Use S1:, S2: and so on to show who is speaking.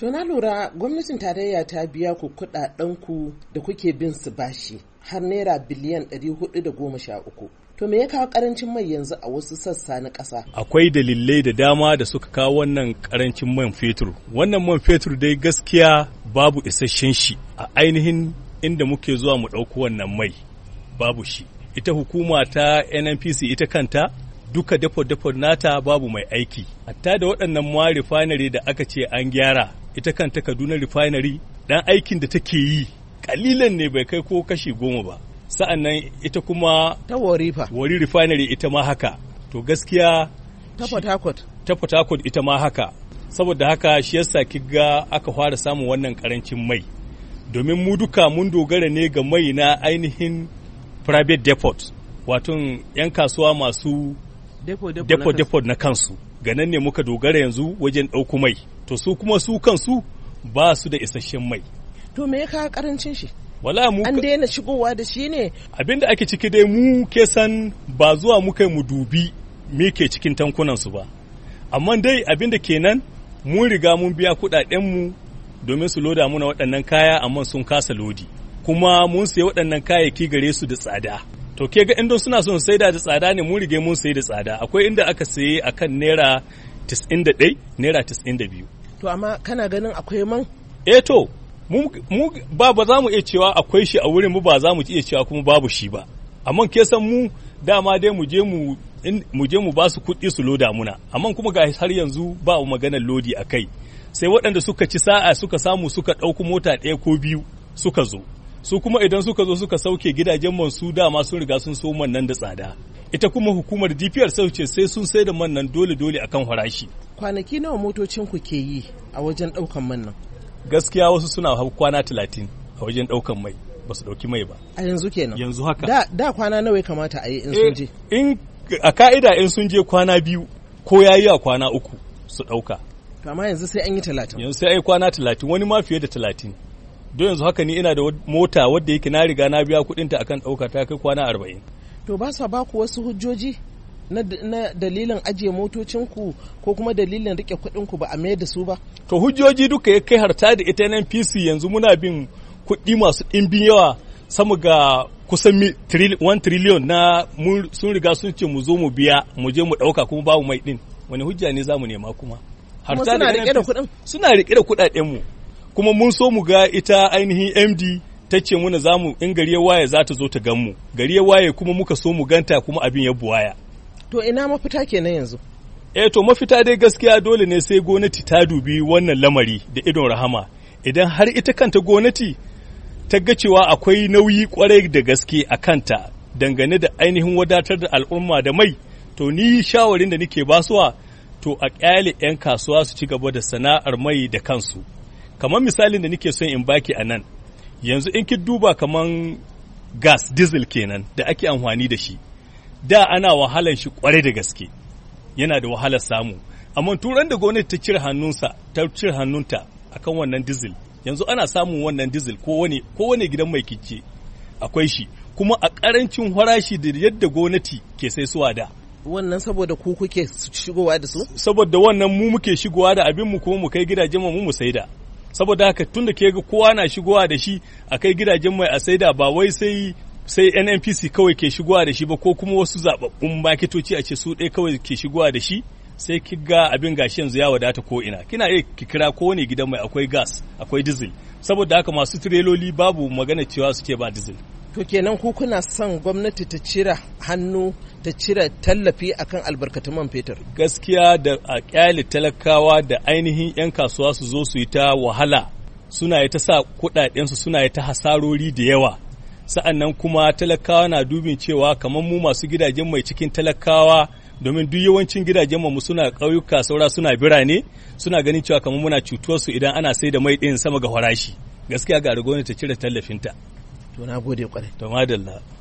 S1: To na lura gwamnatin tarayya ta biya ku kuɗaɗen ku da kuke bin su bashi har naira biliyan 413. To me ya kawo karancin mai yanzu a wasu sassa na ƙasa?
S2: Akwai dalilai da dama da suka kawo wannan karancin man fetur. Wannan man fetur dai gaskiya babu isasshen shi a ainihin inda muke zuwa mu ɗauko wannan mai babu shi. Ita hukuma ta NNPC ita kanta duka dafo-dafo nata babu mai aiki. Hatta da waɗannan ma da aka ce an gyara ita kanta kaduna refinery dan aikin da take yi kalilan ne bai kai ko kashi goma ba sa'an nan ita kuma ta wari fa wari refinery ita ma haka to gaskiya ta port ta port ita ma haka saboda haka shi yasa kiga aka fara samun wannan karancin mai domin mu duka mun dogara ne ga mai na ainihin private depot wato 'yan kasuwa masu depot depot na kansu ganan ne muka dogara yanzu wajen ɗauko mai to su kuma su kansu ba su da isasshen mai
S1: to me ya kawo karancin shi
S2: wala mu an daina shigowa da shi ne abinda ake ciki dai mu ke san ba zuwa mu kai mu dubi me ke cikin tankunan su ba amma dai abinda kenan mun riga mun biya kudaden mu domin su loda muna waɗannan kaya amma sun kasa lodi kuma mun sayi waɗannan kayayyaki gare su da tsada to ke ga indon suna son saida da tsada ne mun rige mun sayi da tsada akwai inda aka sayi akan naira 91 naira 92 to amma kana ganin akwai man eh to mu ba ba za mu iya cewa akwai shi a wurin mu ba za mu iya cewa kuma babu shi ba amma ke san mu dama dai mu je mu mu je mu ba su kuɗi su loda muna amma kuma ga har yanzu ba mu maganar lodi a kai sai waɗanda suka ci sa'a suka samu suka ɗauko mota ɗaya ko biyu suka zo su kuma idan suka zo suka sauke gidajen man dama sun riga sun so man nan da tsada ita kuma hukumar DPR sai ce sai sun sai da man nan dole dole akan farashi
S1: kwanaki nawa motocin ku ke yi a wajen ɗaukan
S2: man nan gaskiya wasu suna hau kwana talatin a wajen ɗaukan mai ba su ɗauki mai ba a yanzu kenan yanzu haka da,
S1: da kwana nawa ya kamata a yi in sun eh, je
S2: in a ka'ida in sun je kwana biyu ko ya yi a kwana uku su ɗauka amma yanzu sai an yi talatin yanzu sai ai kwana talatin wani ma fiye da talatin don yanzu haka ni ina da mota wadda yake na riga na biya kuɗinta akan dauka ta kai kwana arba'in
S1: to ba sa baku wasu hujjoji na
S2: dalilin ajiye motocinku ko kuma dalilin rike kudinku ba a mayar da su ba to hujjoji duka ya kai harta da ita NPC yanzu muna bin kuɗi masu ɗimbin yawa sama ga kusan 1 trillion na sun riga sun ce mu zo mu biya mu je mu ɗauka kuma babu mai ɗin wani hujja ne za mu nema kuma harta da rike kuɗin suna rike da kuɗaɗen mu kuma mun so mu ga ita ainihin MD ta ce muna zamu in gariyar waye za ta zo ta gan mu gari waye kuma muka so mu ganta kuma abin ya buwaya
S1: to ina mafita ke na yanzu
S2: eh to mafita dai gaskiya dole ne sai gonati ta dubi wannan lamari da idon rahama idan har ita kanta gonati ta ga cewa akwai nauyi kwarai da gaske a kanta dangane da ainihin wadatar da al'umma da mai to ni shawarin da nake basuwa to a kyale 'yan kasuwa su ci gaba da sana'ar mai da kansu kamar misalin da nake son in baki a nan yanzu in ki duba kamar gas diesel kenan da ake amfani da shi da ana wahalar shi kwarai da gaske yana da wahalar samu amma turan da gwamnati ta cire hannunsa ta cire hannunta akan wannan diesel yanzu ana samun wannan wani ko wani gidan mai kicce akwai shi kuma a karancin farashi da yadda gwamnati ke sai suwa da wannan saboda ku kuke shigowa da su saboda wannan mu muke shigowa da abin mu kuma mu kai gidajen mu mu saida saboda haka tunda da ke ga kowa na shigowa da shi a kai gidajen mai a saida ba wai sai sai nnpc kawai ke shigowa da shi ba ko kuma wasu zababbun maketoci a ce su ɗaya kawai ke shigowa da shi sai ki ga abin gashi yanzu ya wadata ko ina kina iya ki kira ko ne gidan mai akwai gas akwai diesel saboda haka masu tireloli babu magana cewa suke ba diesel
S1: to kenan ku kuna son gwamnati ta cire hannu ta cire tallafi akan albarkatun man fetur
S2: gaskiya da a kyale talakawa da ainihin 'yan kasuwa su zo su yi ta wahala suna yi ta sa su suna yi ta hasarori da yawa sa'an nan kuma talakawa na dubin cewa kamar mu masu gidajen mai cikin talakawa domin duk yawancin gidajen mu suna ƙauyuka saura suna birane suna ganin cewa kamar muna cutuwar idan ana sai da mai ɗin sama ga farashi gaskiya ga gwamnati ta cire tallafinta
S1: to na gode kwarai
S2: to madalla